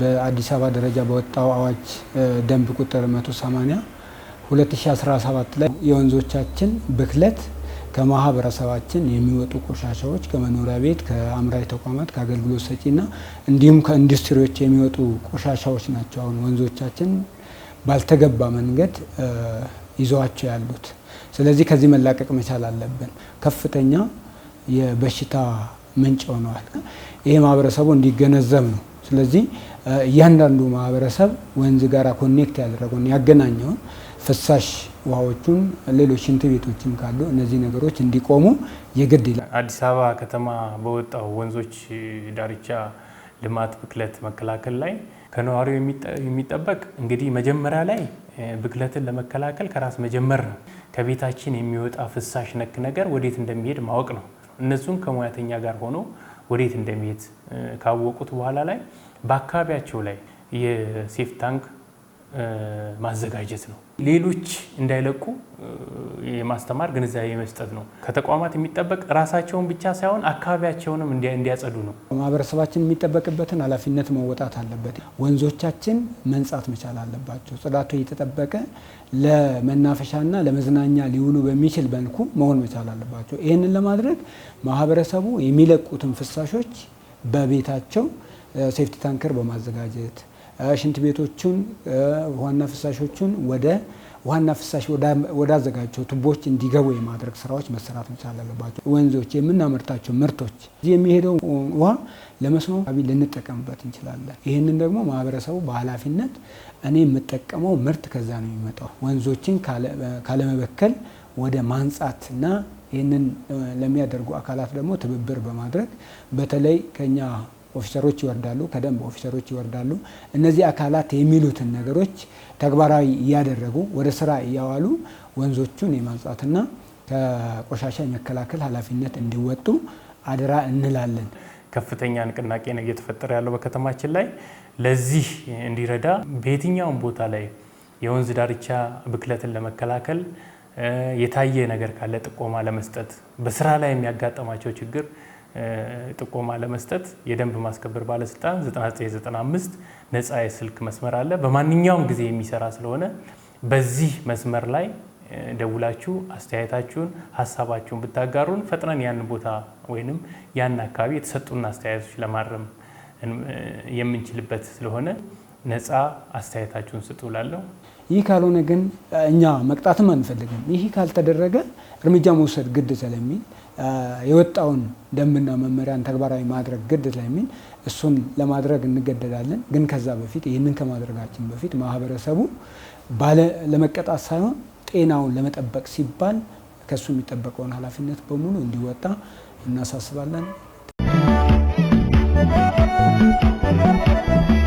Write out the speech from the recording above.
በአዲስ አበባ ደረጃ በወጣው አዋጅ ደንብ ቁጥር 180 2017 ላይ የወንዞቻችን ብክለት ከማህበረሰባችን የሚወጡ ቆሻሻዎች ከመኖሪያ ቤት፣ ከአምራች ተቋማት፣ ከአገልግሎት ሰጪና እንዲሁም ከኢንዱስትሪዎች የሚወጡ ቆሻሻዎች ናቸው። አሁን ወንዞቻችን ባልተገባ መንገድ ይዘዋቸው ያሉት። ስለዚህ ከዚህ መላቀቅ መቻል አለብን። ከፍተኛ የበሽታ ምንጭ ሆነዋል። ይሄ ማህበረሰቡ እንዲገነዘብ ነው። ስለዚህ እያንዳንዱ ማህበረሰብ ወንዝ ጋር ኮኔክት ያደረገውን ያገናኘውን ፍሳሽ ውሃዎቹን ሌሎች ሽንት ቤቶችም ካሉ እነዚህ ነገሮች እንዲቆሙ የግድ ይላል። አዲስ አበባ ከተማ በወጣው ወንዞች ዳርቻ ልማት ብክለት መከላከል ላይ ከነዋሪው የሚጠበቅ እንግዲህ መጀመሪያ ላይ ብክለትን ለመከላከል ከራስ መጀመር ነው። ከቤታችን የሚወጣ ፍሳሽ ነክ ነገር ወዴት እንደሚሄድ ማወቅ ነው። እነሱን ከሙያተኛ ጋር ሆኖ ወዴት እንደሚሄድ ካወቁት በኋላ ላይ በአካባቢያቸው ላይ የሴፍ ታንክ ማዘጋጀት ነው። ሌሎች እንዳይለቁ የማስተማር ግንዛቤ መስጠት ነው። ከተቋማት የሚጠበቅ ራሳቸውን ብቻ ሳይሆን አካባቢያቸውንም እንዲያጸዱ ነው። ማህበረሰባችን የሚጠበቅበትን ኃላፊነት መወጣት አለበት። ወንዞቻችን መንጻት መቻል አለባቸው። ጽዳቱ እየተጠበቀ ለመናፈሻና ለመዝናኛ ሊውሉ በሚችል መልኩ መሆን መቻል አለባቸው። ይህንን ለማድረግ ማህበረሰቡ የሚለቁትን ፍሳሾች በቤታቸው ሴፍቲ ታንከር በማዘጋጀት ሽንት ቤቶቹን ዋና ፍሳሾቹን ወደ ዋና ፍሳሽ ወዳዘጋቸው ቱቦዎች እንዲገቡ የማድረግ ስራዎች መሰራት መቻል አለባቸው። ወንዞች የምናመርታቸው ምርቶች የሚሄደው ውሃ ለመስኖ ልንጠቀምበት እንችላለን። ይህንን ደግሞ ማህበረሰቡ በኃላፊነት እኔ የምጠቀመው ምርት ከዛ ነው የሚመጣው ወንዞችን ካለመበከል ወደ ማንጻት እና ይህንን ለሚያደርጉ አካላት ደግሞ ትብብር በማድረግ በተለይ ከኛ ኦፊሰሮች ይወርዳሉ፣ ከደንብ ኦፊሰሮች ይወርዳሉ። እነዚህ አካላት የሚሉትን ነገሮች ተግባራዊ እያደረጉ ወደ ስራ እያዋሉ ወንዞቹን የማንጻትና ከቆሻሻ የመከላከል ኃላፊነት እንዲወጡ አደራ እንላለን። ከፍተኛ ንቅናቄ ነው እየተፈጠረ ያለው በከተማችን ላይ። ለዚህ እንዲረዳ በየትኛውም ቦታ ላይ የወንዝ ዳርቻ ብክለትን ለመከላከል የታየ ነገር ካለ ጥቆማ ለመስጠት በስራ ላይ የሚያጋጠማቸው ችግር ጥቆማ ለመስጠት የደንብ ማስከበር ባለስልጣን 9995 ነፃ የስልክ መስመር አለ። በማንኛውም ጊዜ የሚሰራ ስለሆነ በዚህ መስመር ላይ ደውላችሁ አስተያየታችሁን፣ ሀሳባችሁን ብታጋሩን ፈጥነን ያን ቦታ ወይንም ያን አካባቢ የተሰጡን አስተያየቶች ለማረም የምንችልበት ስለሆነ ነፃ አስተያየታችሁን ስጡ ይህ ካልሆነ ግን እኛ መቅጣትም አንፈልግም። ይህ ካልተደረገ እርምጃ መውሰድ ግድ ስለሚል የወጣውን ደንብና መመሪያን ተግባራዊ ማድረግ ግድ ስለሚል እሱን ለማድረግ እንገደዳለን። ግን ከዛ በፊት ይህንን ከማድረጋችን በፊት ማህበረሰቡ ለመቀጣት ሳይሆን ጤናውን ለመጠበቅ ሲባል ከእሱ የሚጠበቀውን ኃላፊነት በሙሉ እንዲወጣ እናሳስባለን።